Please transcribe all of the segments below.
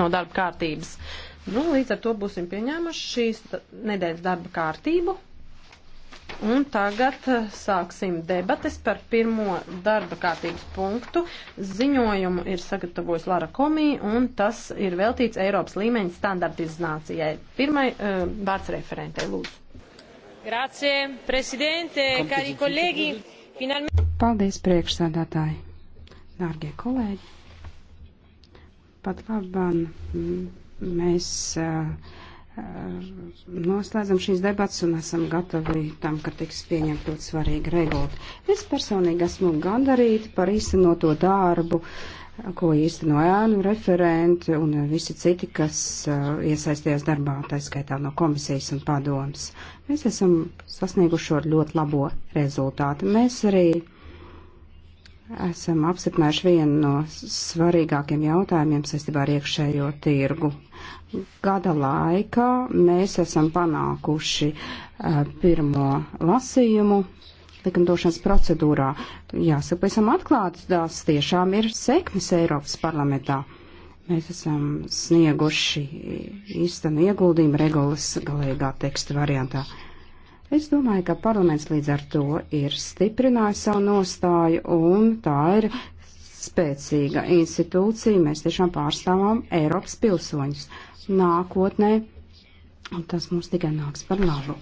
no darba kārtības. Nu, līdz ar to būsim pieņēmuši šīs nedēļas darba kārtību. Un tagad eh, sāksim debates par pirmo darba kārtības punktu. Ziņojumu ir sagatavojis Lara Komija, un tas ir veltīts Eiropas līmeņa standartizācijai. Pirmai uh, vārds referentei, lūdzu. Grazie, prezidente, kari kolēģi. Finalmente... Paldies, priekšsādātāji, dārgie kolēģi. Pat labam mēs eh, noslēdzam šīs debats un esam gatavi tam, ka tiks pieņemt ļoti svarīgi regula. Es personīgi esmu gandarīta par īstenoto darbu, ko īstenoja ēnu referenti un visi citi, kas eh, iesaistījās darbā, tā skaitā no komisijas un padomas. Mēs esam sasnieguši ļoti labo rezultātu. Mēs arī esam apstiprinājuši vienu no svarīgākiem jautājumiem saistībā ar iekšējo tirgu. Gada laikā mēs esam panākuši uh, pirmo lasījumu likumdošanas procedūrā. Jāsaka, esam atklāti, tās tiešām ir sekmes Eiropas parlamentā. Mēs esam snieguši īstenu ieguldījumu regulas galīgā teksta variantā. Uh, Es domāju, ka parlaments līdz ar to ir stiprinājis savu nostāju un tā ir spēcīga institūcija. Mēs tiešām pārstāvām Eiropas pilsoņus. Nākotnē tas mums tikai nāks par labu.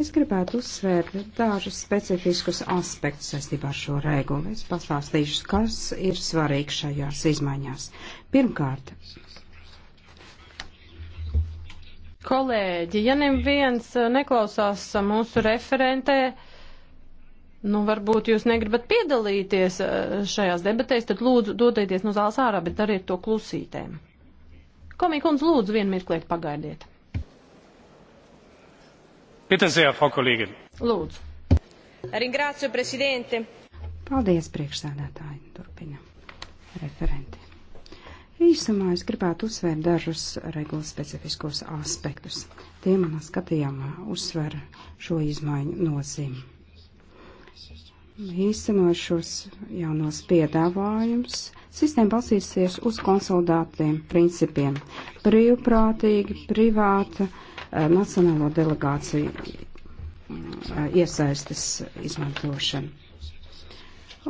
Es gribētu uzsvērt dažus specifiskus aspektus saistībā ar šo regulu. Es pastāstīšu, kas ir svarīgi šajās izmaiņās. Pirmkārt, Kolēģi, ja neviens eh, neklausās eh, mūsu referentē, nu varbūt jūs negribat piedalīties eh, šajās debatēs, tad lūdzu dodieties no zāles ārā, bet dariet to klusītēm. Komikums, lūdzu, vienu mirkliet pagaidiet. Sehr, Frau Kollegin. Lūdzu. Ringrazio, prezidente. Paldies, priekšsēdētāji. Turpinam. Referenti. Īsumā es gribētu uzsvērt dažus regulas specifiskos aspektus. Tie manā skatījumā uzsver šo izmaiņu nozīmi. Īstenot šos jaunos piedāvājumus, sistēma balsīsies uz konsolidātiem principiem - brīvprātīgi, privāta, eh, nacionālo delegāciju eh, iesaistes izmantošana.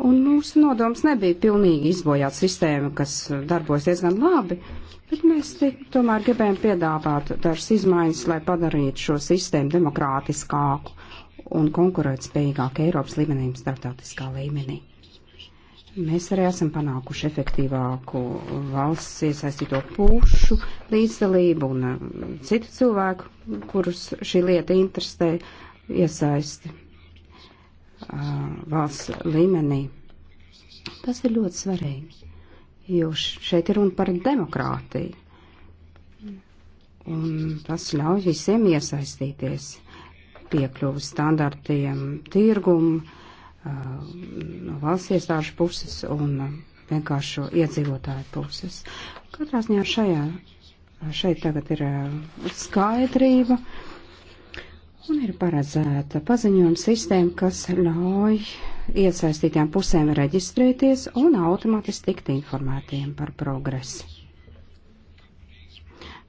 Un mūsu nodoms nebija pilnīgi izbojāt sistēmu, kas eh, darbojas diezgan labi, bet mēs tomēr gribējām piedāvāt dažas izmaiņas, lai padarītu šo sistēmu demokrātiskāku un konkurētspējīgāku Eiropas līmenī un starptautiskā līmenī. Mēs arī esam panākuši efektīvāku valsts iesaistīto pušu līdzdalību un eh, citu cilvēku, kurus šī lieta interesē, iesaisti valsts līmenī. Tas ir ļoti svarīgi, jo šeit ir runa par demokrātiju. Un tas ļauj visiem iesaistīties piekļuvu standartiem, tirgumu, no valsts iestāžu puses un vienkāršo iedzīvotāju puses. Katrā ziņā šajā, šeit tagad ir skaidrība. Uh, Un ir paredzēta paziņojuma sistēma, kas ļauj iesaistītām pusēm reģistrēties un automātiski tikt informētiem par progresu.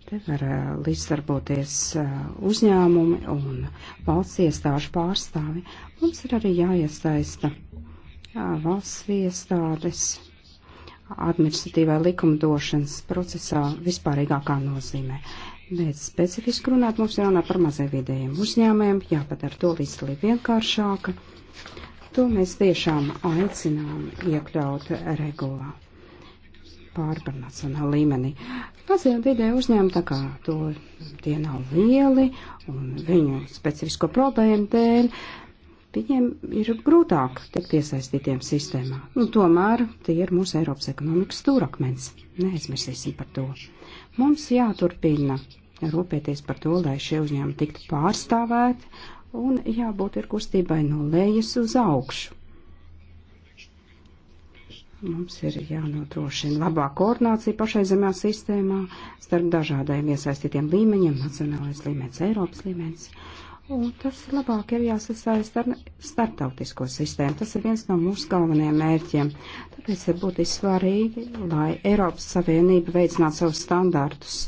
Te var eh, līdzdarboties eh, uzņēmumi un valsts iestāžu pārstāvi. Mums ir arī jāiesaista eh, valsts iestādes administratīvā likumdošanas procesā vispārīgākā nozīmē. Bet specifiski runāt mums jārunā par mazēvidējiem uzņēmējiem, jāpadara to visu vienkāršāka. To mēs tiešām aicinām iekļaut regulā pārpārnacionāla līmenī. Mazie un vidēji uzņēmumi, tā kā to tie nav lieli un viņu specifisko problēmu dēļ, Viņiem ir grūtāk tikt iesaistītiem sistēmā. Nu, tomēr tie ir mūsu Eiropas ekonomikas stūrakmens. Neaizmirsīsim par to. Mums jāturpina rūpēties par to, lai šie uzņēmumi tiktu pārstāvēti un jābūt ir kustībai no lejas uz augšu. Mums ir jānodrošina labā koordinācija pašreizamajā sistēmā starp dažādiem iesaistītiem līmeņiem - nacionālais līmenis, Eiropas līmenis. Un tas labāk ir jāsasaist ar starptautisko sistēmu. Tas ir viens no mūsu galvenajiem mērķiem. Tāpēc ir būtiski svarīgi, lai Eiropas Savienība veicinātu savus standartus.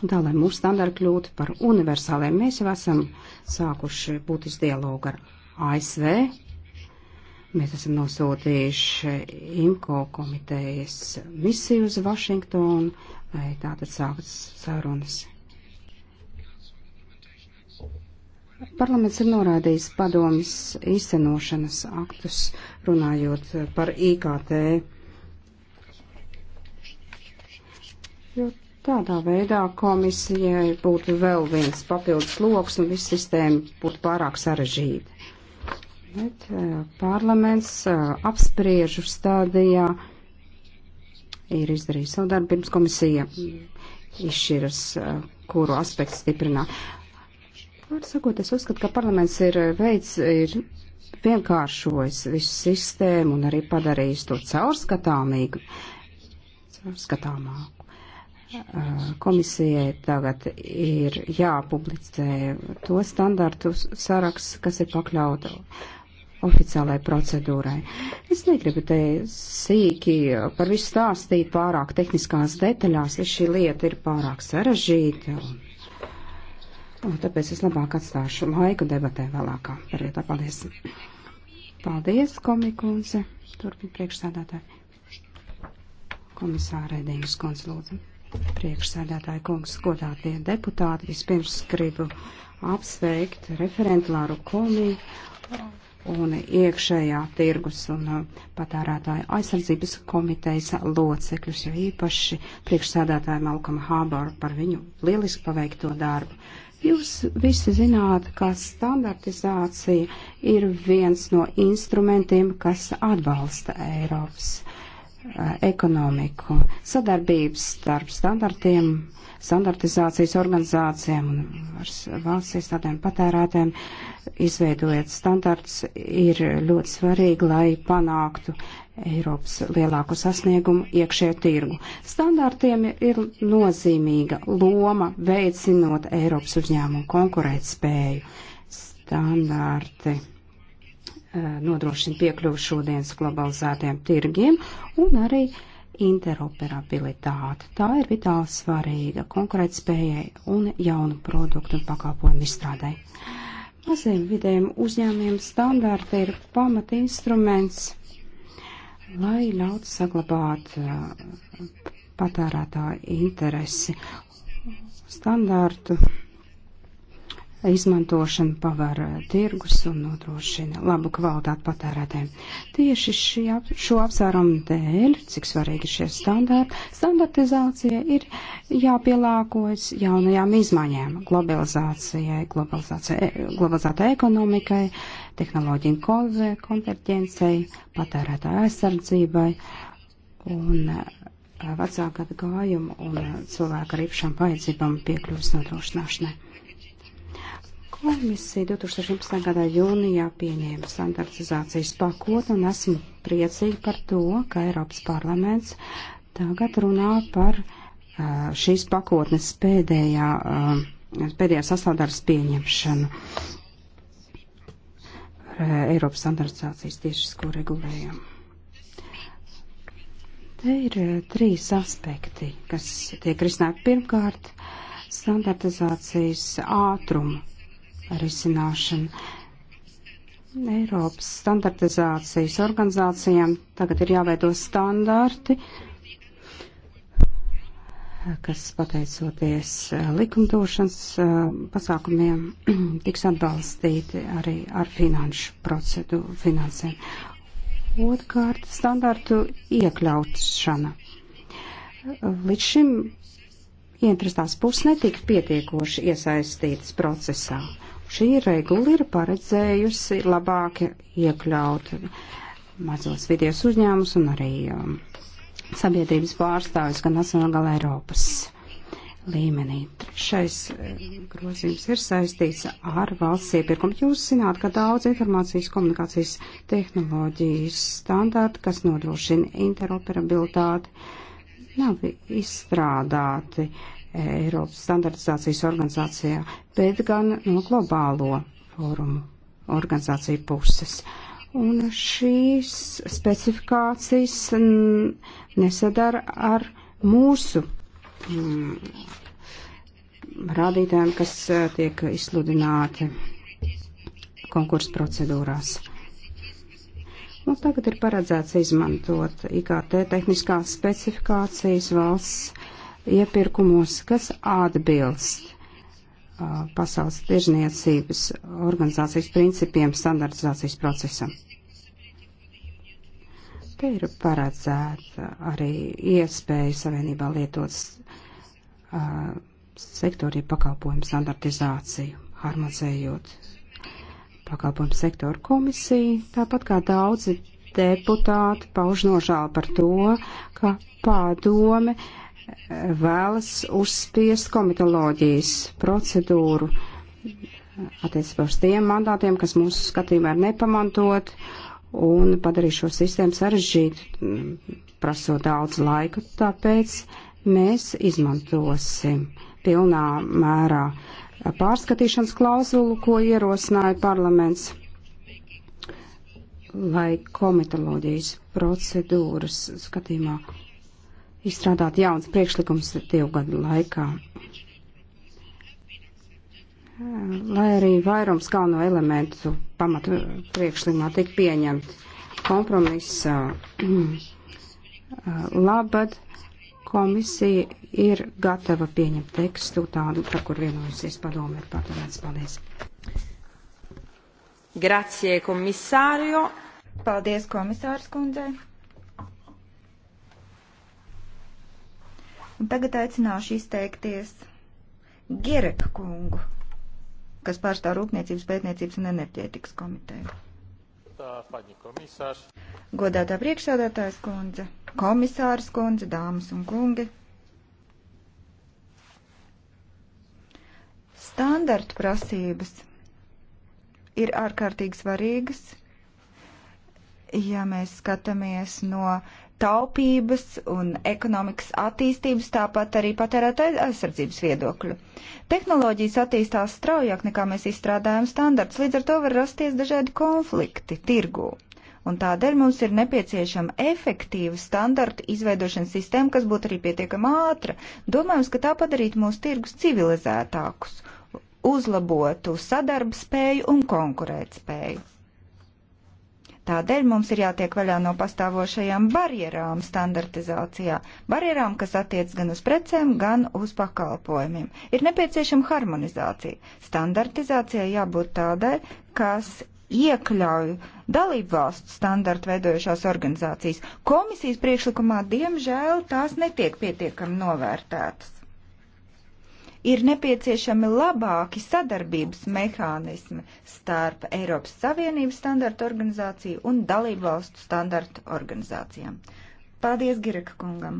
Tā, lai mūsu standarti kļūtu par universāliem, mēs jau esam sākuši būtisku dialogu ar ASV. Mēs esam nosūtījuši IMCO komitejas misiju uz Vašingtonu, lai tātad sāktas sarunas Parlaments ir norādījis padomas īstenošanas aktus, runājot par IKT. Jo Tādā veidā komisijai būtu vēl viens papildus lokus un viss sistēma būtu pārāk sarežģīta. Bet eh, parlaments eh, apspriežu stādījā ir izdarījis savu darbu, pirms komisija izšķiras, eh, kuru aspektu stiprināt. Var sakot, es uzskatu, ka parlaments ir eh, veids, ir vienkāršojis visu sistēmu un arī padarījis to caurskatāmīgu, caurskatāmāku. Eh, komisijai tagad ir jāpublicē to standartu saraksts, kas ir pakļauta oficiālai procedūrai. Es negribu te sīki par visu stāstīt pārāk tehniskās detaļās, ja šī lieta ir pārāk sarežģīta. Un Un tāpēc es labāk atstāšu laiku debatē vēlākā periodā. Paldies. Paldies, komikundze. Turpin priekšsēdētāji. Komisārai Dīgas kundze lūdzu. Priekšsēdētāji kungs, godātie deputāti, vispirms gribu apsveikt referentu Lāru Komiju un iekšējā tirgus un uh, patērētāju aizsardzības komitejas locekļus, jo īpaši priekšsēdētāju Malkam Hābaru par viņu lieliski paveikto darbu. Jūs visi zināt, ka standartizācija ir viens no instrumentiem, kas atbalsta Eiropas ekonomiku, sadarbības starp standartiem, standartizācijas organizācijām un valsts iestādēm patērētēm, izveidojot standarts, ir ļoti svarīgi, lai panāktu Eiropas lielāku sasniegumu iekšē tirgu. Standartiem ir nozīmīga loma veicinot Eiropas uzņēmumu konkurētspēju. Standarti Eh, nodrošina piekļuvu šodienas globalizētiem tirgiem un arī interoperabilitāte. Tā ir vitāli svarīga konkurētspējai un jaunu produktu un pakalpojumu izstrādai. Maziem vidējiem uzņēmiem standārti ir pamata instruments, lai ļautu saglabāt eh, patērētāju interesi standārtu izmantošanu paver eh, tirgus un nodrošina labu kvalitātu patērētēm. Tieši šī, šo apsvērumu dēļ, cik svarīgi šie standarti, standartizācija ir jāpielāgojas jaunajām izmaiņām - globalizācijai, e, globalizētai ekonomikai, tehnoloģiju konverģencei, patērētāju aizsardzībai un eh, vecāku gājumu un eh, cilvēku ar īpašām vajadzībām piekļuvas nodrošināšanai. Komisija 2011. gadā jūnijā pieņēma standartizācijas pakotni un esmu priecīgi par to, ka Eiropas parlaments tagad runā par šīs pakotnes pēdējā, pēdējā sastāvdaļas pieņemšanu par Eiropas standartizācijas tiešisko regulējumu. Te ir trīs aspekti, kas tiek risināti pirmkārt standartizācijas ātrumu risināšanu. Eiropas standartizācijas organizācijām tagad ir jāveido standarti, kas pateicoties eh, likumdošanas eh, pasākumiem tiks atbalstīti arī ar finanšu procedūru finansēm. Otkārt, standartu iekļautšana. Līdz šim ieinteresētās puses netika pietiekoši iesaistītas procesā. Uh, Šī regula ir paredzējusi labāk iekļaut mazos vidies uzņēmumus un arī um, sabiedrības pārstāvis gan nacionālā, gan Eiropas līmenī. Trešais um, grozījums ir saistīts ar valsts iepirkumu. Jūs zināt, ka daudz informācijas komunikācijas tehnoloģijas standarti, kas nodrošina interoperabilitāti, nav izstrādāti Eiropas standartizācijas organizācijā, bet gan no globālo fórumu organizāciju puses. Un šīs specifikācijas nesadara ar mūsu mm, rādītājiem, kas tiek izsludināti konkursu procedūrās. Un tagad ir paredzēts izmantot IKT tehniskās specifikācijas valsts iepirkumos, kas atbilst uh, pasaules tirzniecības organizācijas principiem standartizācijas procesam. Te ir paredzēta arī iespēja savienībā lietot uh, sektoru pakalpojumu standartizāciju, harmonizējot pakalpojumu sektoru komisiju, tāpat kā daudzi deputāti pauž nožēlu par to, ka pārdome uh, vēlas uzspiest komitoloģijas procedūru attiecībā uz tiem mandātiem, kas mūsu skatījumā ir nepamantot un padarīt šo sistēmu sarežģītu, prasot daudz laika. Tāpēc mēs izmantosim pilnā mērā pārskatīšanas klauzulu, ko ierosināja parlaments, lai komitoloģijas procedūras skatījumā izstrādāt jauns priekšlikums divu gadu laikā. Lai arī vairums galveno elementu pamatu priekšlikumā tika pieņemti kompromisa labad, komisija ir gatava pieņemt tekstu tādu, par kur vienojusies padomu ir paturēts. Paldies. Grazie, komisārio. Paldies, komisārs kundzei. Un tagad aicināšu izteikties Gerek kungu, kas pārstāv Rūpniecības pētniecības un enerģētikas komiteju. Godātā priekšsādātājs kundze, komisārs kundze, dāmas un kungi. Standarta prasības ir ārkārtīgi svarīgas, ja mēs skatāmies no taupības un ekonomikas attīstības, tāpat arī patērētāju aizsardzības viedokļu. Tehnoloģijas attīstās straujāk nekā mēs izstrādājam standarts, līdz ar to var rasties dažādi konflikti tirgū. Un tādēļ mums ir nepieciešama efektīva standarta izveidošanas sistēma, kas būtu arī pietiekama ātra. Domājams, ka tā padarītu mūsu tirgus civilizētākus, uzlabotu sadarba spēju un konkurēt spēju. Tādēļ mums ir jātiek vaļā no pastāvošajām barjerām standartizācijā, barjerām, kas attiec gan uz precēm, gan uz pakalpojumiem. Ir nepieciešama harmonizācija. Standartizācijai jābūt tādai, kas iekļauj dalību valstu standartu veidojušās organizācijas. Komisijas priekšlikumā, diemžēl, tās netiek pietiekami novērtētas ir nepieciešami labāki sadarbības mehānismi starp Eiropas Savienības standartu organizāciju un dalību valstu standartu organizācijām. Paldies Gireka kungam!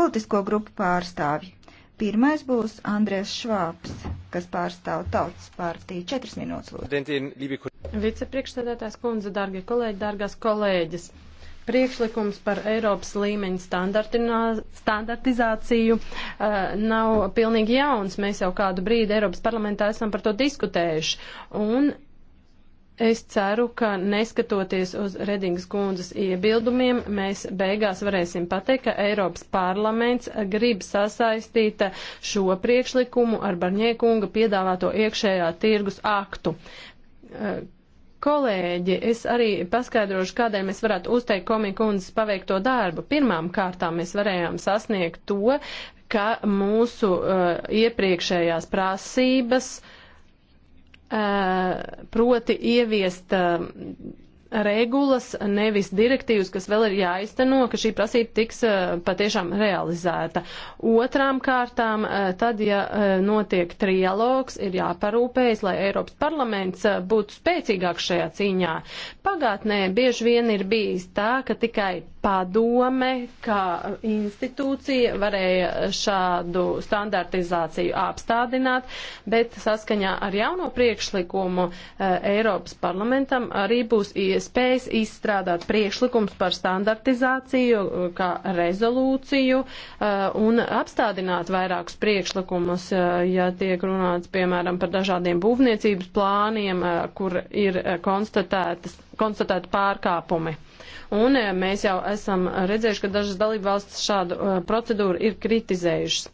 Politisko grupu pārstāvji. Pirmais būs Andrēs Švāps, kas pārstāv Tautas partiju. Četras minūtes lūdzu. Vicepriekšsēdētājs kundze, dārgie kolēģi, dārgās kolēģis priekšlikums par Eiropas līmeņa standartizāciju uh, nav pilnīgi jauns. Mēs jau kādu brīdi Eiropas parlamentā esam par to diskutējuši. Un es ceru, ka neskatoties uz Redingas kundzes iebildumiem, mēs beigās varēsim pateikt, ka Eiropas parlaments grib sasaistīt šo priekšlikumu ar Barņēkunga piedāvāto iekšējā tirgus aktu. Uh, Kolēģi, es arī paskaidrošu, kādēļ mēs varētu uzteikt komikundzes paveikto darbu. Pirmām kārtām mēs varējām sasniegt to, ka mūsu uh, iepriekšējās prasības, uh, proti ieviest uh, regulas, nevis direktīvas, kas vēl ir jāizteno, ka šī prasība tiks eh, patiešām realizēta. Otrām kārtām, eh, tad, ja eh, notiek trialogs, ir jāparūpējas, lai Eiropas parlaments būtu spēcīgāks šajā cīņā. Pagātnē bieži vien ir bijis tā, ka tikai padome, kā institūcija varēja šādu standartizāciju apstādināt, bet saskaņā ar jauno priekšlikumu eh, Eiropas parlamentam arī būs iespējas izstrādāt priekšlikums par standartizāciju eh, kā rezolūciju eh, un apstādināt vairākus priekšlikumus, ja tiek runāts, piemēram, par dažādiem būvniecības plāniem, kur ir konstatētas, konstatēti pārkāpumi. Un eh, mēs jau esam redzējuši, ka dažas dalība valsts šādu eh, procedūru ir kritizējušas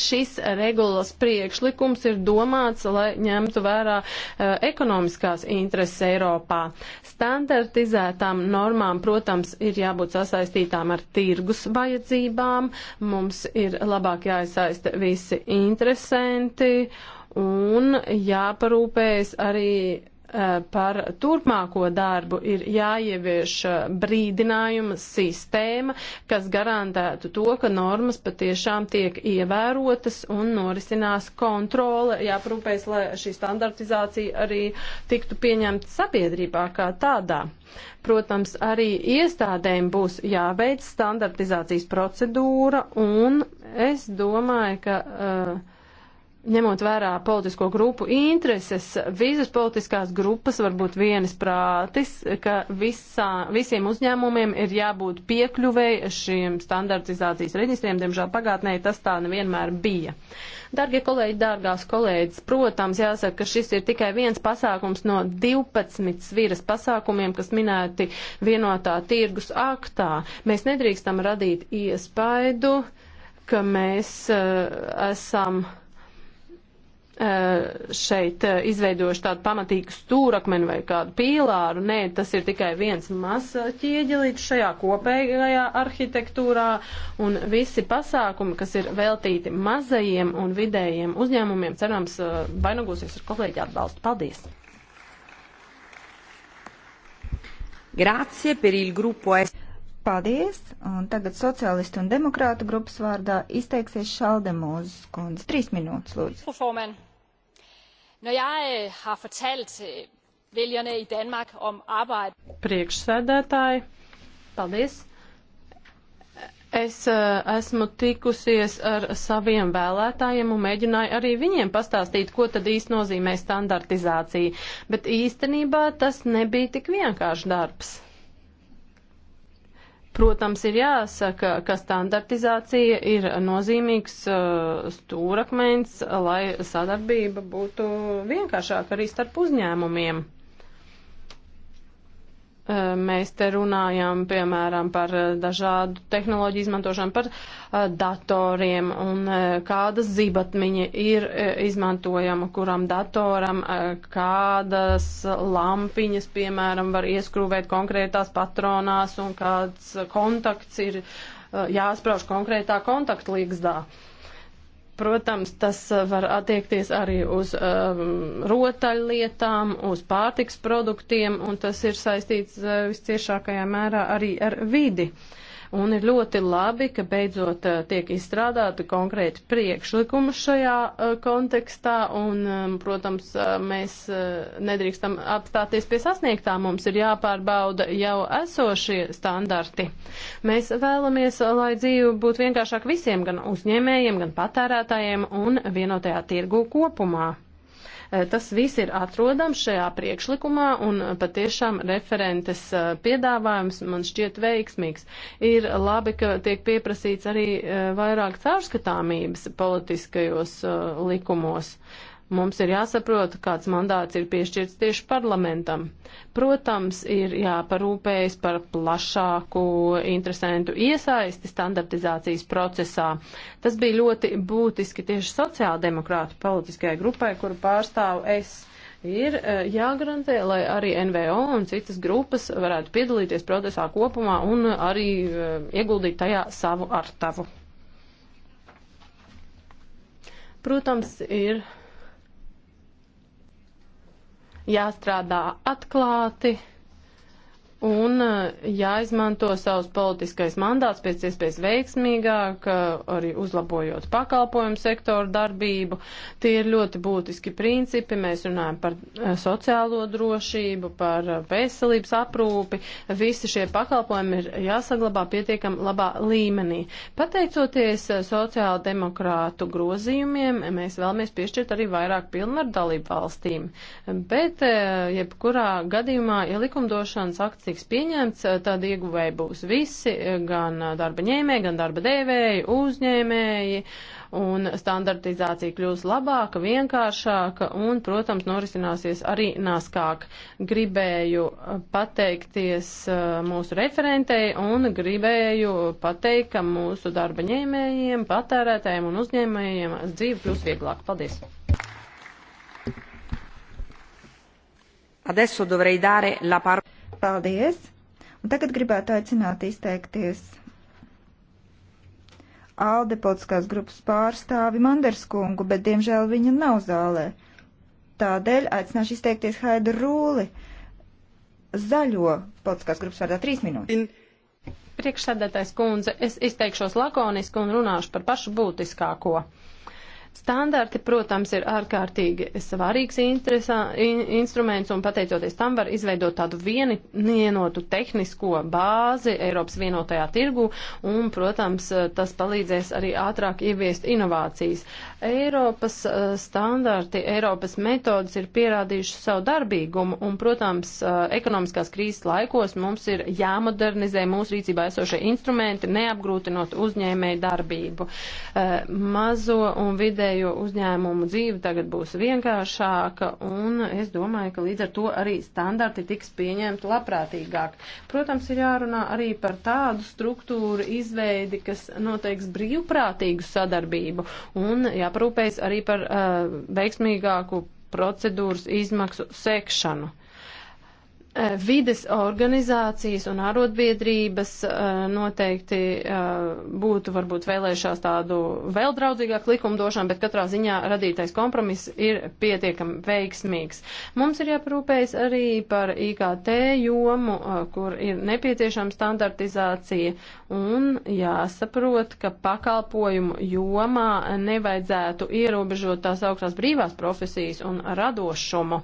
šis regulas priekšlikums ir domāts, lai ņemtu vērā uh, ekonomiskās intereses Eiropā. Standartizētām normām, protams, ir jābūt sasaistītām ar tirgus vajadzībām, mums ir labāk jāiesaista visi interesanti un jāparūpējas arī Eh, par turpmāko darbu ir jāievieš eh, brīdinājuma sistēma, kas garantētu to, ka normas patiešām tiek ievērotas un norisinās kontrole, jāprūpēs, lai šī standartizācija arī tiktu pieņemta sabiedrībā kā tādā. Protams, arī iestādēm būs jāveic standartizācijas procedūra un es domāju, ka uh, ņemot vērā politisko grupu intereses, visas politiskās grupas var būt vienas prātis, ka visā, visiem uzņēmumiem ir jābūt piekļuvēji šiem standartizācijas reģistriem. Diemžēl pagātnē tas tā nevienmēr bija. Dargie kolēģi, dārgās kolēģis, protams, jāsaka, ka šis ir tikai viens pasākums no 12 sviras pasākumiem, kas minēti vienotā tirgus aktā. Mēs nedrīkstam radīt iespaidu, ka mēs uh, esam Eh, šeit eh, izveidojuši tādu pamatīgu stūrakmeni vai kādu pīlāru. Nē, tas ir tikai viens mazs ķieģelīts šajā kopējā arhitektūrā, un visi pasākumi, kas ir veltīti mazajiem un vidējiem uzņēmumiem, cerams, eh, vainagosies ar kolēģi atbalstu. Paldies! Grazie per il gruppo S. Paldies! Un tagad sociālistu un demokrātu grupas vārdā izteiksies Šaldemūzes kundze. Trīs minūtes, lūdzu. Når jeg øh, har fortalt øh, vælgerne i Danmark om arbejde... Priekšsēdētāji, paldies! Es uh, esmu tikusies ar saviem vēlētājiem un mēģināju arī viņiem pastāstīt, ko tad īsti nozīmē standartizācija. Bet īstenībā tas nebija tik vienkārši darbs. Protams, ir jāsaka, ka standartizācija ir nozīmīgs uh, stūrakmens, lai sadarbība būtu vienkāršāka arī starp uzņēmumiem. Eh, mēs te runājam, piemēram, par eh, dažādu tehnoloģiju izmantošanu, par eh, datoriem un kāda zibatmiņa ir izmantojama, kuram datoram, kādas lampiņas, piemēram, var ieskrūvēt konkrētās patronās un kāds kontakts ir jāsprauž konkrētā kontaktlīgzdā. Uh, Protams, tas uh, var attiekties arī uz um, rotaļlietām, uz pārtiks produktiem, un tas ir saistīts uh, visciešākajā mērā arī ar vidi. Uh, Un ir ļoti labi, ka beidzot eh, tiek izstrādāti konkrēti priekšlikumi šajā eh, kontekstā. Un, ehm, protams, eh, mēs nedrīkstam apstāties pie sasniegtā. Mums ir jāpārbauda jau esošie standarti. Mēs vēlamies, lai dzīve būtu vienkāršāk visiem, gan uzņēmējiem, gan patērētājiem un vienotajā tirgu kopumā. Eh, tas viss ir atrodams šajā priekšlikumā un eh, patiešām referentes eh, piedāvājums man šķiet veiksmīgs. Ir labi, ka tiek pieprasīts arī vairāk caurskatāmības politiskajos likumos. Uh, Mums ir jāsaprot, kāds mandāts ir piešķirts tieši parlamentam. Protams, ir jāparūpējas par plašāku interesantu iesaisti standartizācijas procesā. Tas bija ļoti būtiski tieši sociāldemokrātu politiskajai grupai, kuru pārstāvu es. Ir e, jāgarantē, lai arī NVO un citas grupas varētu piedalīties procesā kopumā un arī e, ieguldīt tajā savu artavu. Protams, ir jāstrādā atklāti, un eh, jāizmanto savs politiskais mandāts pēc iespējas veiksmīgāk, eh, arī uzlabojot pakalpojumu sektoru darbību. Tie ir ļoti būtiski principi. Mēs runājam par eh, sociālo drošību, par veselības aprūpi. Visi šie pakalpojumi ir jāsaglabā pietiekam labā līmenī. Pateicoties sociāla demokrātu grozījumiem, mēs vēlamies piešķirt arī vairāk pilnvaru dalību valstīm. Bet jebkurā gadījumā, ja likumdošanas akcija tiks pieņemts, tad ieguvēji būs visi, gan darba ņēmēji, gan darba devēji, uzņēmēji, un standartizācija kļūs labāka, vienkāršāka, un, protams, norisināsies arī naskāk. Gribēju pateikties mūsu referentei un gribēju pateikt, ka mūsu darba ņēmējiem, patērētājiem un uzņēmējiem dzīve kļūs vieglāk. Paldies! adesso dovrei dare la parola Paldies! Un tagad gribētu aicināt izteikties ALDE politiskās grupas pārstāvi Manderskungu, bet diemžēl viņa nav zālē. Tādēļ aicināšu izteikties Haidu Rūli zaļo politiskās grupas vārdā trīs minūtes. In... Priekšsēdētājs kundze, es izteikšos lakoniski un runāšu par pašu būtiskāko. Uh, Standarti, protams, ir ārkārtīgi svarīgs interesā, in, instruments, un pateicoties tam var izveidot tādu vieni, vienotu tehnisko bāzi Eiropas vienotajā tirgu, un, protams, tas palīdzēs arī ātrāk ieviest inovācijas. Eiropas eh, standarti, Eiropas metodas ir pierādījuši savu darbīgumu, un, protams, eh, ekonomiskās krīzes laikos mums ir jāmodernizē mūsu rīcībā esošie instrumenti, neapgrūtinot uzņēmēju darbību. Eh, mazo un vidu vidējo uzņēmumu dzīve tagad būs vienkāršāka, un es domāju, ka līdz ar to arī standarti tiks pieņemti labprātīgāk. Protams, ir jārunā arī par tādu struktūru izveidi, kas noteiks brīvprātīgu sadarbību, un jāparūpējas arī par uh, veiksmīgāku procedūras izmaksu sekšanu. Eh, vides organizācijas un arotbiedrības eh, noteikti eh, būtu varbūt vēlējušās tādu vēl draudzīgāku likumdošanu, bet katrā ziņā radītais kompromiss ir pietiekami veiksmīgs. Mums ir jāparūpējas arī par IKT jomu, kur ir nepieciešama standartizācija un jāsaprot, ka pakalpojumu jomā nevajadzētu ierobežot tās augstās brīvās profesijas un radošumu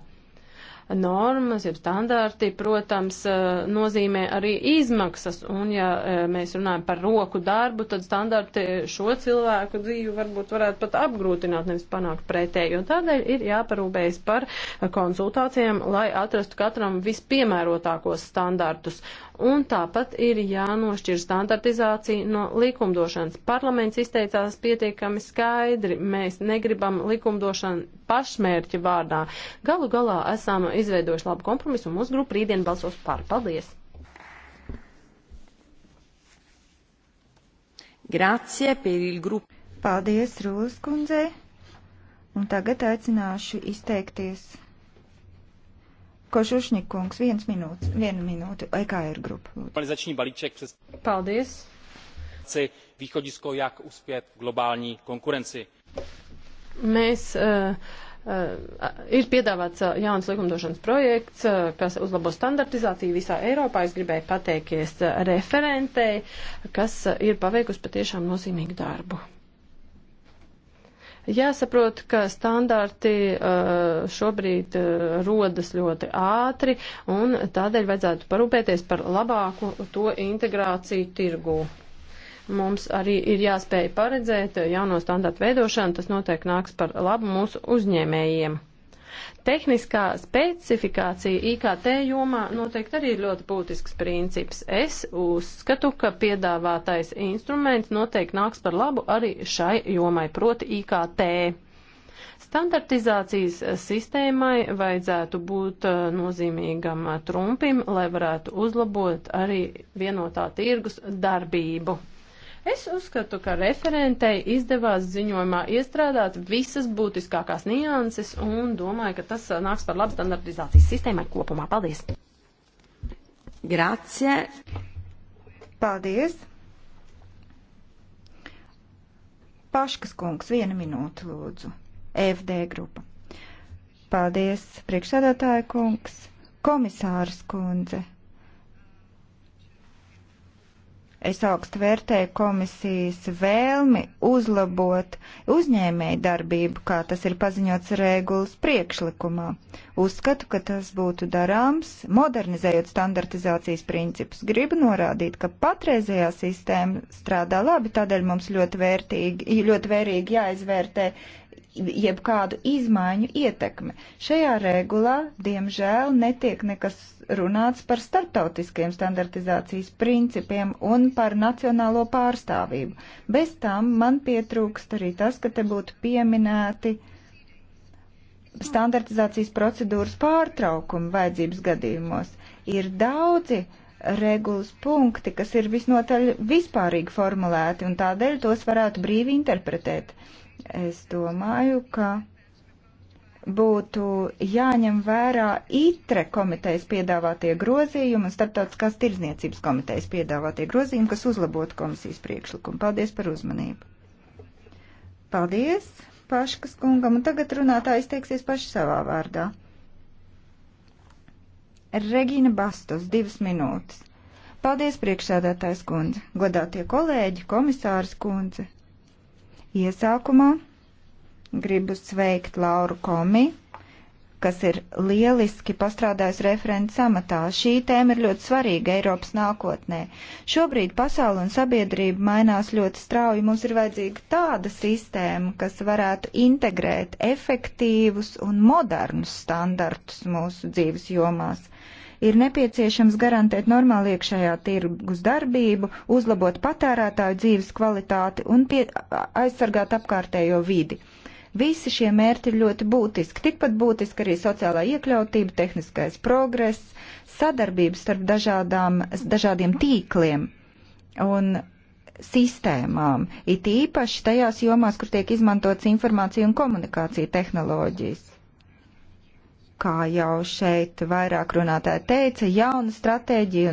normas, jeb standarti, protams, eh, nozīmē arī izmaksas, un ja eh, mēs runājam par roku darbu, tad standarti šo cilvēku dzīvi varbūt varētu pat apgrūtināt, nevis panākt pretēju, un tādēļ ir jāparūpējas par konsultācijām, lai atrastu katram vispiemērotākos standartus, un tāpat ir jānošķir standartizācija no likumdošanas. Parlaments izteicās pietiekami skaidri, mēs negribam likumdošanu pašmērķa vārdā. Galu galā esam izveidojuši labu kompromisu un mūsu grupa rītdien balsos par. Paldies! Grazie per il gruppo. Paldies, Rūlas kundzei. Un tagad aicināšu izteikties. Košušņik kungs, viens minūtes, viena minūte, EKR grupa. Globalizační balíček přes... Paldies. Východisko, jak uspět v globální konkurenci Mēs uh, Uh, ir piedāvāts uh, jauns likumdošanas projekts, uh, kas uzlabo standartizāciju visā Eiropā. Es gribēju pateikties uh, referentei, kas uh, ir paveikusi patiešām nozīmīgu darbu. Jāsaprot, ka standarti uh, šobrīd uh, rodas ļoti ātri, un tādēļ vajadzētu parūpēties par labāku to integrāciju tirgū. Mums arī ir jāspēj paredzēt jauno standartu veidošanu, tas noteikti nāks par labu mūsu uzņēmējiem. Tehniskā specifikācija IKT jomā noteikti arī ir ļoti būtisks princips. Es uzskatu, ka piedāvātais instruments noteikti nāks par labu arī šai jomai, proti IKT. Standartizācijas sistēmai vajadzētu būt uh, nozīmīgam uh, trumpim, lai varētu uzlabot arī vienotā tirgus darbību. Es uzskatu, ka referentei izdevās ziņojumā iestrādāt visas būtiskākās nianses un domāju, ka tas uh, nāks par labu standartizācijas sistēmai kopumā. Paldies! Grazie! Paldies! Paškas kungs, viena minūte lūdzu. FD grupa. Paldies, priekšsēdētāja kungs, komisārs kundze, Es augstu vērtēju komisijas vēlmi uzlabot uzņēmēju darbību, kā tas ir paziņots regulas priekšlikumā. Uzskatu, ka tas būtu darāms, modernizējot standartizācijas principus. Gribu norādīt, ka patreizējā sistēma strādā labi, tādēļ mums ļoti, vērtīgi, ļoti vērīgi jāizvērtē jebkādu izmaiņu ietekme. Šajā regulā, diemžēl, netiek nekas runāts par starptautiskiem standartizācijas principiem un par nacionālo pārstāvību. Bez tam man pietrūkst arī tas, ka te būtu pieminēti standartizācijas procedūras pārtraukumi vajadzības gadījumos. Ir daudzi regulas punkti, kas ir visnotaļ vispārīgi formulēti, un tādēļ tos varētu brīvi interpretēt. Es domāju, ka būtu jāņem vērā ITRE komitejas piedāvātie grozījumi un starptautiskās tirzniecības komitejas piedāvātie grozījumi, kas uzlabotu komisijas priekšlikumu. Paldies par uzmanību. Paldies Paškas kungam, un tagad runātājs teiksies paši savā vārdā. Regina Bastos, divas minūtes. Paldies priekšsēdētājs kundze, godātie kolēģi, komisārs kundze. Iesākumā gribu sveikt Lauru Komi, kas ir lieliski pastrādājusi referents amatā. Šī tēma ir ļoti svarīga Eiropas nākotnē. Šobrīd pasauli un sabiedrība mainās ļoti strauji. Mums ir vajadzīga tāda sistēma, kas varētu integrēt efektīvus un modernus standartus mūsu dzīves jomās. Ir nepieciešams garantēt normālu iekšējā tirgus darbību, uzlabot patērētāju dzīves kvalitāti un pie, aizsargāt apkārtējo vidi. Visi šie mērķi ir ļoti būtiski. Tikpat būtiski arī sociālā iekļautība, tehniskais progress, sadarbības starp dažādām, dažādiem tīkliem un sistēmām, it īpaši tajās jomās, kur tiek izmantots informācija un komunikācija tehnoloģijas kā jau šeit vairāk runātāji teica, jauna stratēģija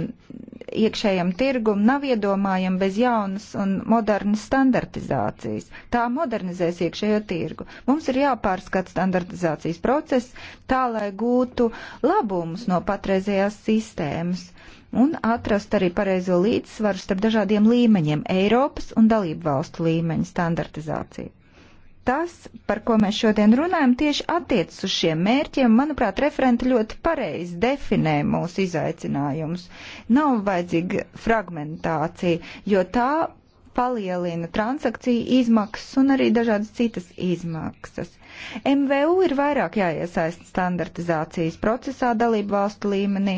iekšējam tirgum nav iedomājama bez jaunas un modernas standartizācijas. Tā modernizēs iekšējo tirgu. Mums ir jāpārskat standartizācijas process tā, lai gūtu labumus no patreizējās sistēmas un atrast arī pareizo līdzsvaru starp dažādiem līmeņiem - Eiropas un dalību valstu līmeņa standartizāciju. Tas, par ko mēs šodien runājam, tieši attiecas uz šiem mērķiem. Manuprāt, referenti ļoti pareizi definē mūsu izaicinājumus. Nav vajadzīga fragmentācija, jo tā palielina transakciju izmaksas un arī dažādas citas izmaksas. MVU ir vairāk jāiesaist standartizācijas procesā dalību valstu līmenī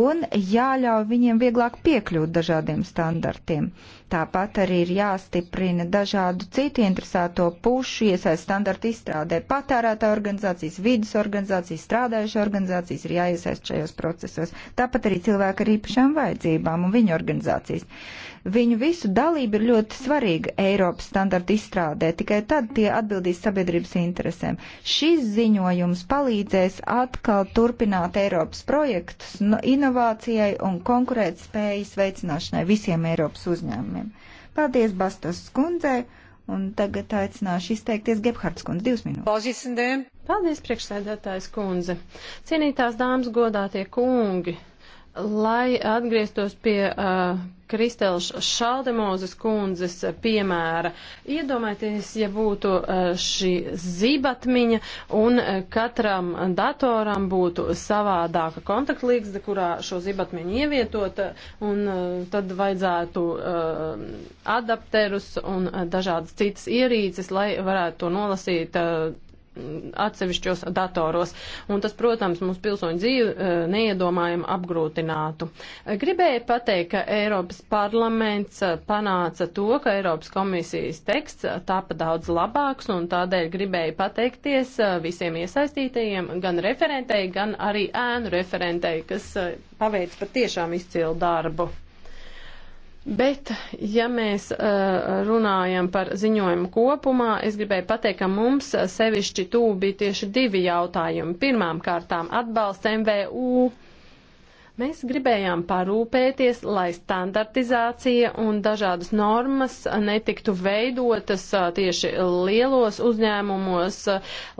un jāļauj viņiem vieglāk piekļūt dažādiem standartiem. Tāpat arī ir jāstiprina dažādu citu interesēto pušu iesaist standartu izstrādē. Patērētā organizācijas, vidas organizācijas, strādājušā organizācijas ir jāiesaist šajos procesos. Tāpat arī cilvēki ar īpašām vajadzībām un viņu organizācijas. Viņu visu dalība ir ļoti svarīga Eiropas standarta izstrādē, tikai tad tie atbildīs sabiedrības interesēm. Šis ziņojums palīdzēs atkal turpināt Eiropas projektus no inovācijai un konkurēt spējas veicināšanai visiem Eiropas uzņēmumiem. Paldies Bastos skundzei! Un tagad aicināšu izteikties Gebhards kundze divas minūtes. Paldies, priekšsēdētājs kundze. Cienītās dāmas, godātie kungi, lai atgrieztos pie uh, Kristels Šaldemozes kundzes piemēra. Iedomājieties, ja būtu e, šī zibatmiņa un e, katram datoram būtu savādāka kontaktlīgzde, kurā šo zibatmiņu ievietot, e, un tad vajadzētu adapterus un dažādas citas ierīces, lai varētu to nolasīt atsevišķos datoros. Un tas, protams, mūsu pilsoņu dzīvi eh, neiedomājami apgrūtinātu. Gribēju pateikt, ka Eiropas parlaments eh, panāca to, ka Eiropas komisijas teksts eh, tapa daudz labāks, un tādēļ gribēju pateikties visiem iesaistītajiem, gan referentei, gan arī ēnu referentei, kas paveic patiešām izcilu darbu. Bet, ja mēs uh, runājam par ziņojumu kopumā, es gribēju pateikt, ka mums eh, sevišķi tūbi tieši divi jautājumi. Pirmām kārtām atbalsts MVU. Uh, Mēs gribējām parūpēties, lai standartizācija un dažādas normas netiktu veidotas tieši lielos uzņēmumos,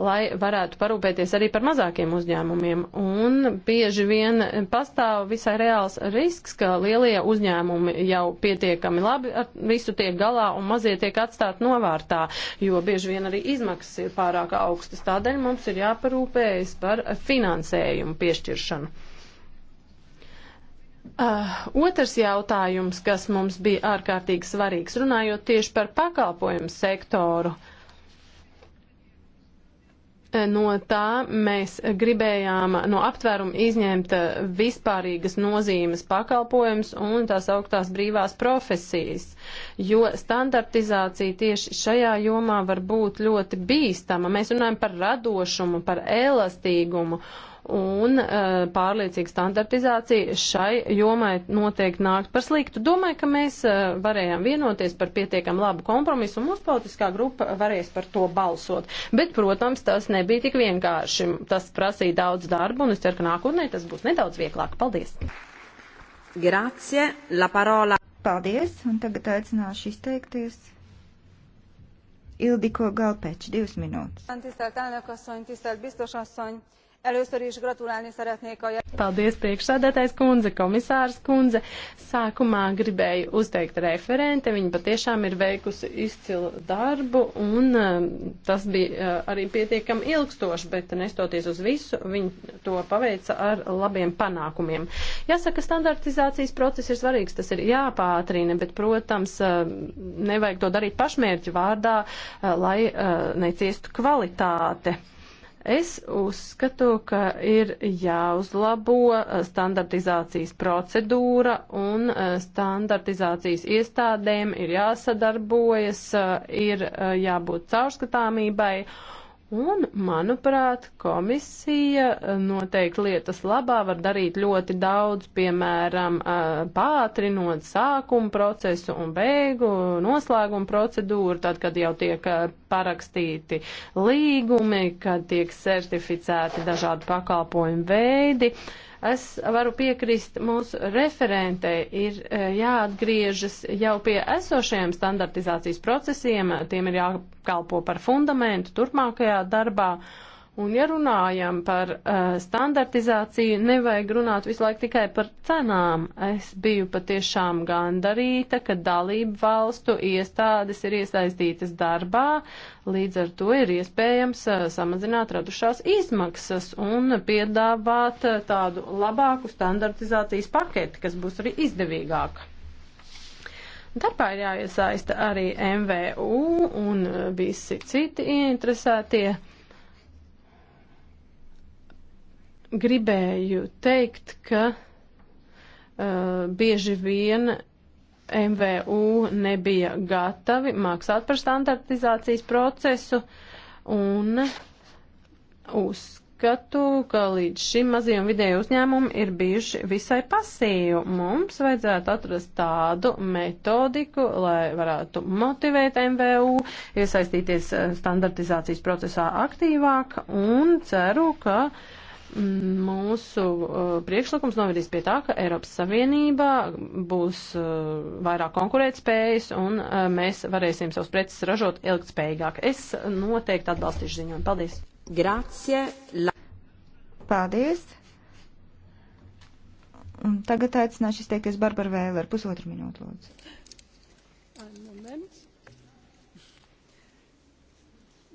lai varētu parūpēties arī par mazākiem uzņēmumiem. Un bieži vien pastāv visai reāls risks, ka lielie uzņēmumi jau pietiekami labi ar visu tiek galā un mazie tiek atstāti novārtā, jo bieži vien arī izmaksas ir pārāk augstas. Tādēļ mums ir jāparūpējas par finansējumu piešķiršanu. Uh, otrs jautājums, kas mums bija ārkārtīgi svarīgs, runājot tieši par pakalpojumu sektoru. Eh, no tā mēs gribējām no aptvēruma izņemt eh, vispārīgas nozīmes pakalpojums un tās augtās brīvās profesijas, jo standartizācija tieši šajā jomā var būt ļoti bīstama. Mēs runājam par radošumu, par elastīgumu un uh, pārliecīga standartizācija šai jomai noteikti nāk par sliktu. Domāju, ka mēs uh, varējām vienoties par pietiekam labu kompromisu, un mūsu politiskā grupa varēs par to balsot. Bet, protams, tas nebija tik vienkārši. Tas prasīja daudz darbu, un es ceru, ka nākotnē tas būs nedaudz vieglāk. Paldies! Grazie, la parola. Paldies, un tagad aicināšu izteikties. Ildiko Galpeč, divas minūtes. Tisztelt elnök asszony, tisztelt biztos asszony, Először is gratulálni szeretnék a... Paldies priekšsādātais kundze, komisārs kundze. Sākumā gribēju uzteikt referente, viņa patiešām ir veikusi izcilu darbu un um, tas bija uh, arī pietiekami ilgstoši, bet nestoties uz visu, viņa to paveica ar labiem panākumiem. Jāsaka, standartizācijas process ir svarīgs, tas ir jāpātrina, bet, protams, um, nevajag to darīt pašmērķu vārdā, uh, lai uh, neciestu kvalitāte. Es uzskatu, ka ir jāuzlabo eh, standartizācijas procedūra un eh, standartizācijas iestādēm ir jāsadarbojas, eh, ir jābūt caurskatāmībai Un, manuprāt, komisija eh, noteikti lietas labā var darīt ļoti daudz, piemēram, eh, pātrinot sākumu procesu un beigu noslēgumu procedūru, tad, kad jau tiek eh, parakstīti līgumi, kad tiek certificēti dažādi pakalpojumu veidi. Uh, Es varu piekrist mūsu referentei, ir e, jāatgriežas jau pie esošajiem standartizācijas procesiem, tiem ir jākalpo par fundamentu turpmākajā darbā. Un ja runājam par uh, standartizāciju, nevajag runāt visu laiku tikai par cenām. Es biju patiešām gandarīta, ka dalību valstu iestādes ir iesaistītas darbā, līdz ar to ir iespējams uh, samazināt radušās izmaksas un piedāvāt uh, tādu labāku standartizācijas paketi, kas būs arī izdevīgāka. Darbā ir jāiesaista arī MVU un visi citi ieinteresētie. gribēju teikt, ka uh, bieži vien MVU nebija gatavi maksāt par standartizācijas procesu un uzskatu, ka līdz šim mazie un vidēji uzņēmumi ir bijuši visai pasīvi. Mums vajadzētu atrast tādu metodiku, lai varētu motivēt MVU iesaistīties uh, standartizācijas procesā aktīvāk un ceru, ka uh, mūsu uh, priekšlikums novedīs pie tā, ka Eiropas Savienībā būs uh, vairāk konkurētspējas un uh, mēs varēsim savus preces ražot ilgtspējīgāk. Es noteikti atbalstīšu ziņojumu. Paldies! Grācie! La... Paldies! Un tagad aicināšu izteikties Barbara Vēler. Pusotru minūtu, lūdzu.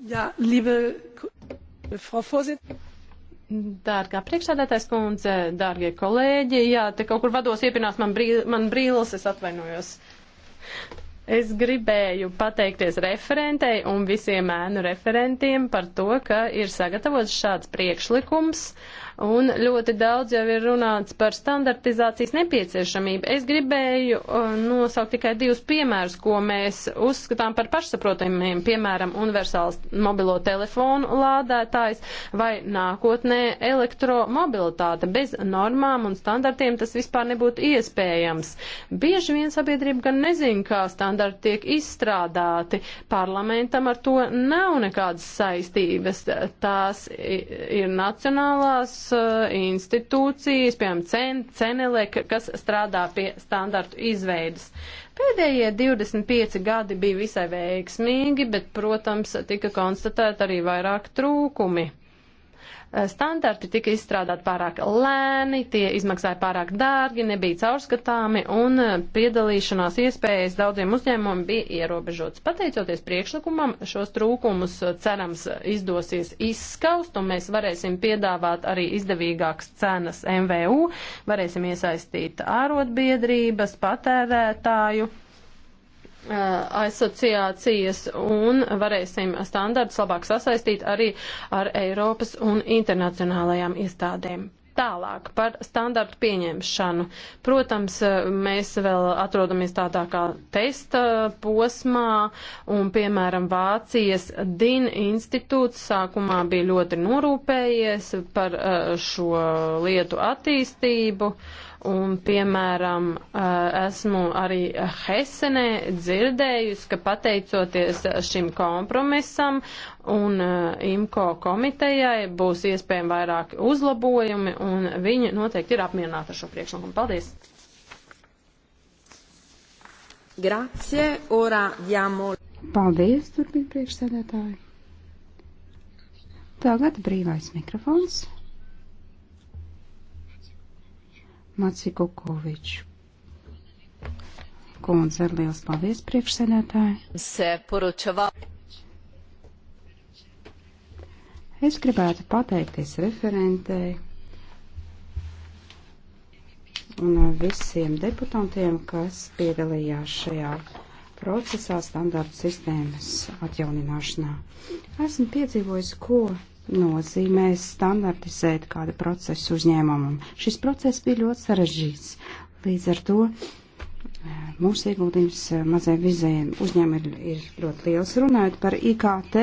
Ja, liebe Frau Vorsitzende. Dārgā priekšsādātais kundze, dārgie kolēģi, jā, te kaut kur vados iepinās man, brīl, man brīlis, es atvainojos. Es gribēju pateikties referentei un visiem ēnu referentiem par to, ka ir sagatavots šāds priekšlikums, un ļoti daudz jau ir runāts par standartizācijas nepieciešamību. Es gribēju uh, nosaukt tikai divus piemērus, ko mēs uzskatām par pašsaprotamiem, piemēram, universāls mobilo telefonu lādētājs vai nākotnē elektromobilitāte. Bez normām un standartiem tas vispār nebūtu iespējams. Bieži vien sabiedrība gan nezina, kā standarti tiek izstrādāti. Parlamentam ar to nav nekādas saistības. Tās ir nacionālās Eh, institūcijas, piemēram, CEN, CENELEK, kas strādā pie standartu izveidas. Pēdējie 25 gadi bija visai veiksmīgi, bet, protams, tika konstatēta arī vairāk trūkumi. Eh, standarti tika izstrādāti pārāk lēni, tie izmaksāja pārāk dārgi, nebija caurskatāmi un eh, piedalīšanās iespējas daudziem uzņēmumiem bija ierobežotas. Pateicoties priekšlikumam, šos trūkumus eh, cerams izdosies izskaust un mēs varēsim piedāvāt arī izdevīgākas cenas MVU, varēsim iesaistīt ārotbiedrības, patērētāju. Uh, asociācijas un varēsim standartus labāk sasaistīt arī ar Eiropas un internacionālajām iestādēm. Tālāk par standartu pieņemšanu. Protams, uh, mēs vēl atrodamies tādā kā testa posmā, un, piemēram, Vācijas DIN institūts sākumā bija ļoti norūpējies par uh, šo lietu attīstību. Uh, Un, piemēram, eh, esmu arī Hesenē dzirdējusi, ka pateicoties šim kompromisam un eh, IMCO komitejai būs iespējami vairāki uzlabojumi, un viņi noteikti ir apmierināti ar šo priekšlikumu. Paldies! Grazie, ora diamo. Paldies, turpina priekšsēdētāji. Tagad brīvais mikrofons. Maciku Koviču. Kundze, liels paldies priekšsēdētāji. Es gribētu pateikties referentei un visiem deputantiem, kas piedalījās šajā procesā standārtu sistēmas atjaunināšanā. Esmu piedzīvojis, ko nozīmē standartizēt kādu procesu uzņēmumam. Šis process bija ļoti sarežģīts. Līdz ar to eh, mūsu ieguldījums eh, mazajiem vizējiem uzņēmumiem ir, ir ļoti liels. Runājot par IKT,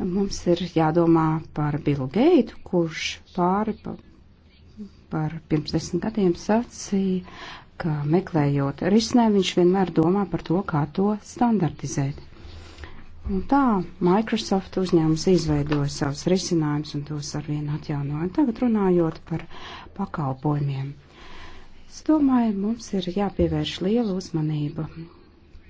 mums ir jādomā par Bill Geitu, kurš pāri pa, par pirms desmit gadiem sacīja, ka meklējot risinājumu, viņš vienmēr domā par to, kā to standartizēt. Un nu tā Microsoft uzņēmums izveidoja savus risinājumus un tos arvien atjaunoja. Tagad runājot par pakalpojumiem. Es domāju, mums ir jāpievērš liela uzmanība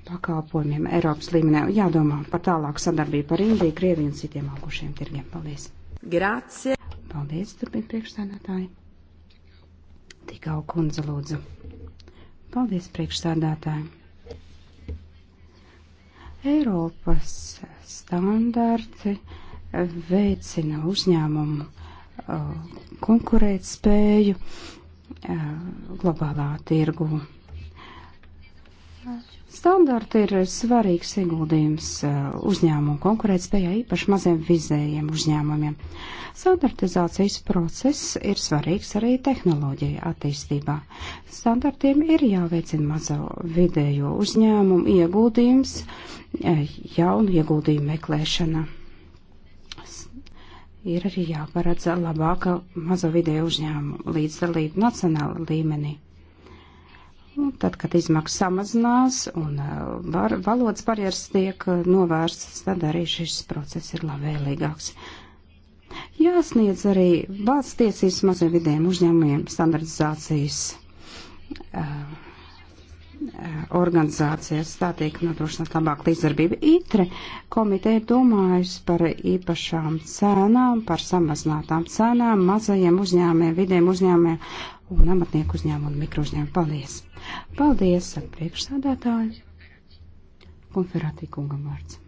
pakalpojumiem Eiropas līmenī. Jādomā par tālāku sadarbību ar Indiju, Krieviju un citiem augušiem tirgiem. Paldies! Grācie! Paldies, turpin priekšsēdētāji! Tikau kundze lūdzu. Paldies, priekšsēdētāji! Eiropas standarti eh, veicina uzņēmumu eh, konkurētspēju eh, globālā tirgu. Standarti ir svarīgs ieguldījums eh, uzņēmumu konkurētspējā, īpaši maziem vizējiem uzņēmumiem. Standartizācijas process ir svarīgs arī tehnoloģija attīstībā. Standartiem ir jāveicina mazo vidējo uzņēmumu ieguldījums, eh, jaunu ieguldījumu meklēšana. Ir arī jāparedz labāka mazo vidēju uzņēmumu līdzdalība nacionāla līmenī. Un nu, tad, kad izmaksas samazinās un uh, var, valodas barjeras tiek uh, novērstas, tad arī šis process ir labvēlīgāks. Jāsniedz arī valsts tiesības maziem vidiem uzņēmumiem standartizācijas. Uh, Eh, organizācijas tā tiek nodrošināt labāk līdzdarbība. ITRE komiteja domājusi par īpašām cenām, par samazinātām cenām mazajiem uzņēmiem, vidiem uzņēmiem un amatnieku uzņēmumu un mikrouzņēmumu. Paldies! Paldies, saka priekšsādātāji. Konferātī kungam vārds.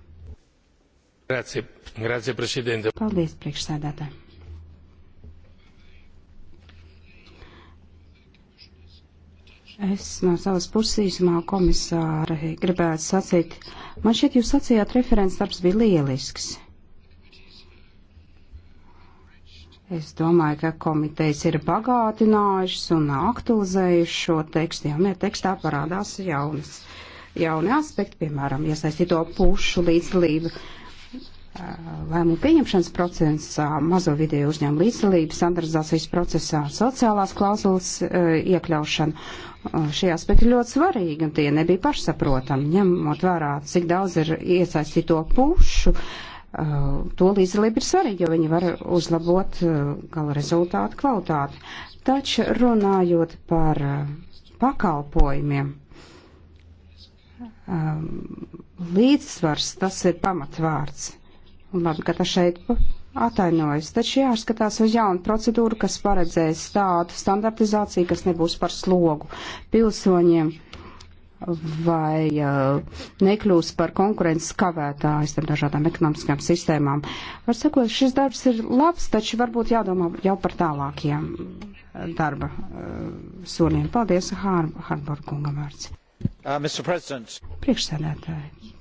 Grazie, grazie, prezidente. Paldies, priekšsādātāji. Es no savas puses īsumā komisāri gribētu sacīt, man šķiet jūs sacījāt referents darbs bija lielisks. Es domāju, ka komitejas ir bagātinājušas un aktualizējušas šo tekstu, jo ja tekstā parādās jaunas, jauni aspekti, piemēram, iesaistīto pušu līdzdalību. Uh, lēmumu pieņemšanas procesā, mazo vidēju uzņēmumu līdzdalību, standardizācijas procesā, sociālās klauzulas iekļaušanu. Šie aspekti ļoti svarīgi, un tie nebija pašsaprotami, ņemot vērā, cik daudz ir iesaistīto pušu. To līdzdalība ir svarīga, jo viņi var uzlabot gala rezultātu kvalitāti. Taču runājot par pakalpojumiem, līdzsvars tas ir pamatvārds Un labi, ka tas šeit atainojas. Taču jāskatās uz jaunu procedūru, kas paredzēs tādu standartizāciju, kas nebūs par slogu pilsoņiem vai uh, nekļūs par konkurences kavētājs ar dažādām ekonomiskām sistēmām. Var sakot, šis darbs ir labs, taču varbūt jādomā jau par tālākiem uh, darba uh, soļiem. Paldies, Hārborg kungam vārds. Uh, Priekšsēdētāji,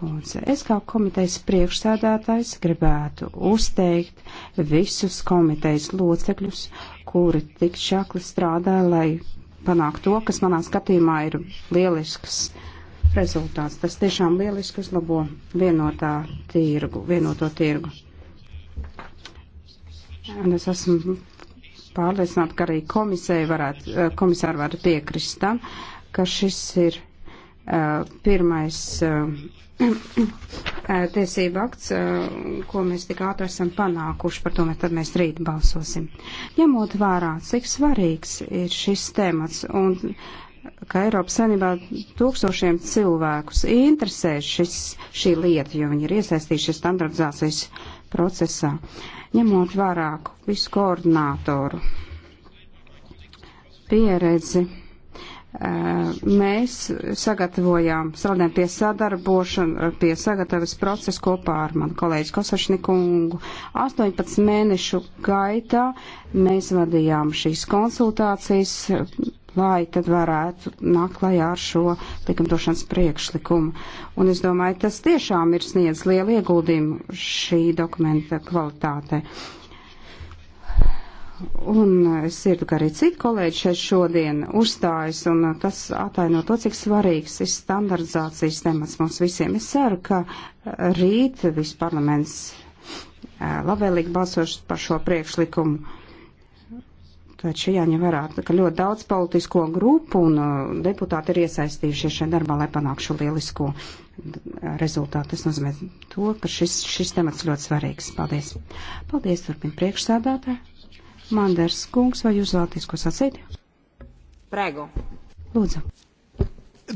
kundze. Es kā komitejas priekšsēdētājs gribētu uzteikt visus komitejas locekļus, kuri tik šakli strādāja, lai panāktu to, kas manā skatījumā ir lielisks rezultāts. Tas tiešām lieliski uzlabo vienotā tirgu, vienoto tirgu. Un es esmu pārliecināta, ka arī komisēja varētu, komisāri varētu piekrist tam, ka šis ir Eh, pirmais eh, eh, tiesība akts, ko mēs tik ātri esam panākuši, par to mēs tad mēs rīt balsosim. Ņemot vērā, cik svarīgs ir šis temats un ka Eiropas Savienībā tūkstošiem cilvēkus interesē šis, šī lieta, jo viņi ir iesaistījušies standardizācijas procesā, ņemot vērā visu koordinātoru pieredzi Eh, mēs sagatavojām, strādājām pie sadarbošana, eh, pie sagatavas procesa kopā ar manu kolēģi Kosašnikungu. 18 mēnešu gaitā mēs vadījām šīs konsultācijas, eh, lai tad varētu nākt klajā ar šo likumdošanas priekšlikumu. Un es domāju, tas tiešām ir sniedz lielu ieguldījumu šī dokumenta kvalitātei. Un es dzirdu, ka arī citi kolēģi šeit šodien uzstājas, un tas ataino to, cik svarīgs ir standardizācijas temats mums visiem. Es ceru, ka rīt viss parlaments labvēlīgi balsos par šo priekšlikumu. Taču jāņem vērā, ka ļoti daudz politisko grupu un deputāti ir iesaistījušies šajā darbā, lai panāktu šo lielisko rezultātu. Tas nozīmē to, ka šis, šis temats ļoti svarīgs. Paldies. Paldies, turpin priekšsādātāji. Manders kungs, vai jūs vēlaties ko sacīt? Prego. Lūdzu.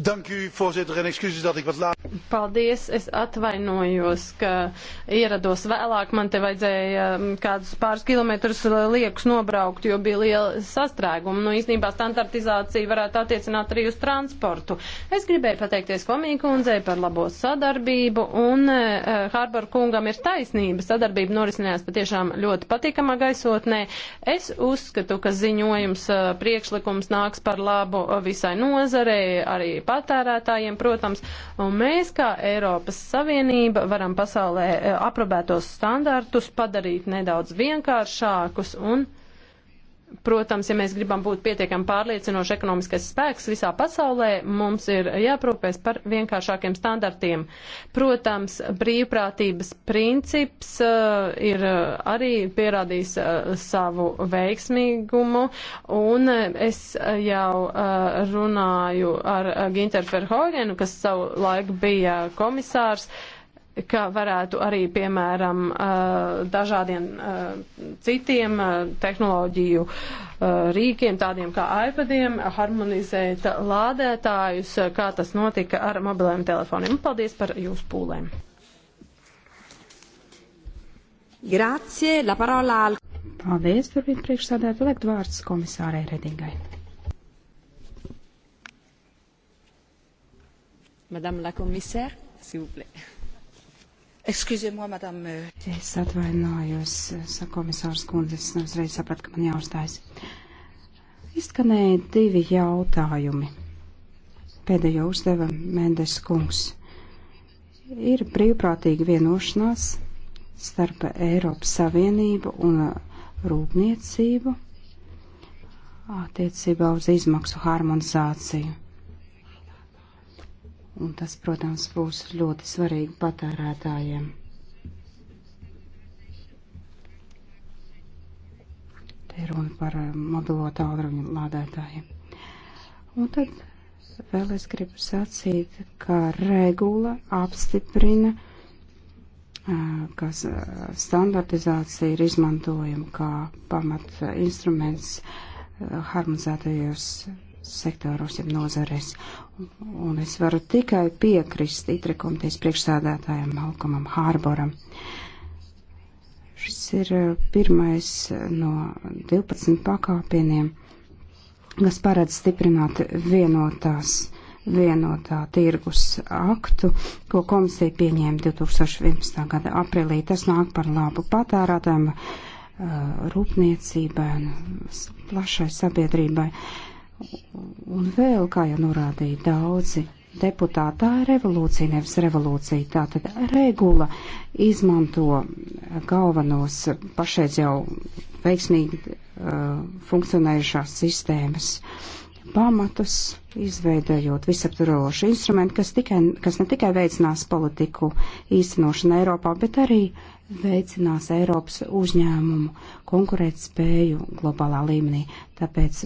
Dank u, voorzitter, en excuses dat ik wat laat paldies. Es atvainojos, ka ierados vēlāk. Man te vajadzēja mm, kādus pāris kilometrus uh, liekus nobraukt, jo bija liela sastrēguma. Nu, īstenībā standartizācija varētu attiecināt arī uz transportu. Es gribēju pateikties komiju kundzei par labo sadarbību, un uh, Harbor kungam ir taisnība. Sadarbība norisinājās patiešām ļoti patīkamā gaisotnē. Es uzskatu, ka ziņojums uh, priekšlikums nāks par labu uh, visai nozarei, arī patērētājiem, protams. Un mēs, kā kā Eiropas Savienība varam pasaulē eh, aprobētos standartus padarīt nedaudz vienkāršākus un vienkāršākus Protams, ja mēs gribam būt pietiekami pārliecinoši ekonomiskais spēks visā pasaulē, mums ir jāprūpēs par vienkāršākiem standartiem. Protams, brīvprātības princips uh, ir eh, arī pierādījis uh, savu veiksmīgumu, un es jau uh, runāju ar Ginter Ferhogenu, kas savu laiku bija komisārs. Uh, ka varētu arī, piemēram, dažādiem citiem tehnoloģiju rīkiem, tādiem kā iPadiem, harmonizēt lādētājus, kā tas notika ar mobiliem telefoniem. Paldies par jūsu pūlēm. Grazie, la parola al. Paldies, turpin priekšsādāt, liekt vārds komisārai Redingai. Madame la commissaire, s'il vous plaît. Euh, es atvainojos, saka komisārs kundzes, es neuzreiz sapratu, ka man jāuzstājas. Izskanēja divi jautājumi. Pēdējo uzdeva Mendes kungs. Ir brīvprātīga vienošanās starp Eiropas Savienību un rūpniecību attiecībā uz izmaksu harmonizāciju. Un tas, protams, būs ļoti svarīgi patērētājiem. Te runa par eh, mobilo tālruņu lādētājiem. Un tad vēl es gribu sacīt, ka regula apstiprina, eh, ka standartizācija ir izmantojama kā pamat instruments eh, harmonizētajos sektoros, ja nozarēs un es varu tikai piekrist Itre komitejas priekšsādātājam Malkomam Hārboram. Šis ir eh, pirmais eh, no 12 pakāpieniem, kas paredz stiprināt vienotās, vienotā tirgus aktu, ko komisija pieņēma 2011. gada aprīlī. Tas nāk par labu patērētājiem, eh, rūpniecībai un plašai sabiedrībai. Uh, Un vēl, kā jau norādīja daudzi deputāti, tā ir revolūcija, nevis revolūcija. Tā tad regula izmanto galvenos pašreiz jau veiksmīgi uh, funkcionējušās sistēmas pamatus, izveidojot visaptvarošu instrumentu, kas, tikai, kas ne tikai veicinās politiku īstenošanu Eiropā, bet arī veicinās Eiropas uzņēmumu konkurētspēju globālā līmenī. Tāpēc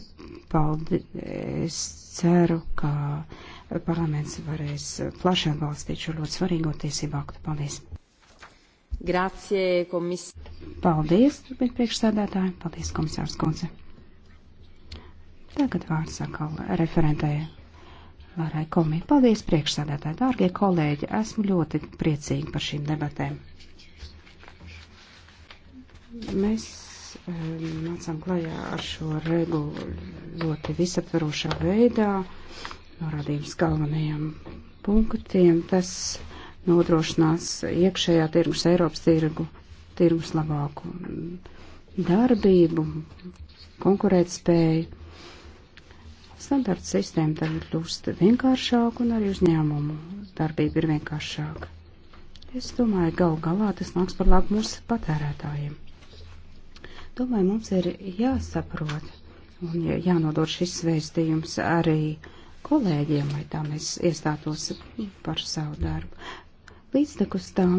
Paldies! Es ceru, ka parlaments varēs plaši atbalstīt šo ļoti svarīgo tiesību aktu. Paldies! Grācie, komis... Paldies, bet priekšsēdētāji, paldies, komisārs Kunze. Tagad vārds atkal referentēja Lārai Komī. Paldies, priekšsēdētāji, dārgie kolēģi, esmu ļoti priecīgi par šīm debatēm. Mēs Ehm, nācām klajā ar šo regulu ļoti visaptvarošā veidā, norādījums galvenajiem punktiem. Tas nodrošinās iekšējā tirgus Eiropas tirgu, tirgus labāku darbību, konkurētspēju. Standarta sistēma tagad kļūst vienkāršāka un arī uzņēmumu darbība ir vienkāršāka. Es domāju, gal galā tas nāks par labu mūsu patērētājiem. Domāju, mums ir jāsaprot un jānodod šis vēstījums arī kolēģiem, lai tā mēs iestātos par savu darbu. Līdztekus tam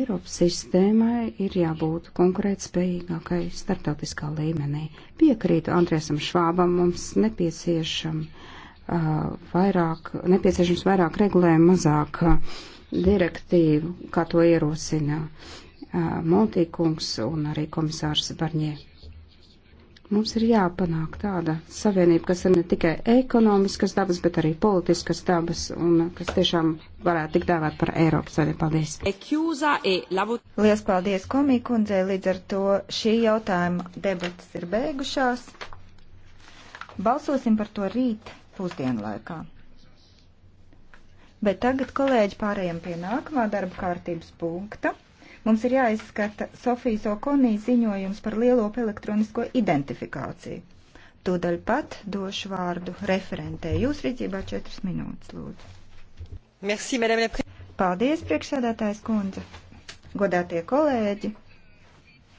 Eiropas sistēmai ir jābūt konkurētspējīgākai startautiskā līmenī. Piekrītu Andriesam Švābam, mums nepieciešam, uh, vairāk, nepieciešams vairāk regulējumu, mazāk uh, direktīvu, kā to ierosina Montīkungs un arī komisārs Barņē. Mums ir jāpanāk tāda savienība, kas ir ne tikai ekonomiskas dabas, bet arī politiskas dabas un kas tiešām varētu tik dēvēt par Eiropas savienību. Paldies! E Lielas paldies komiju kundzei, līdz ar to šī jautājuma debatas ir beigušās. Balsosim par to rīt pusdienu laikā. Bet tagad, kolēģi, pārējiem pie nākamā darba kārtības punkta. Mums ir jāizskata Sofijas Okonijas ziņojums par lielopu elektronisko identifikāciju. Tūdaļ pat došu vārdu referentē. Jūs rīcībā četras minūtes, lūdzu. Merci, Paldies, priekšsēdētājs kundze. Godātie kolēģi!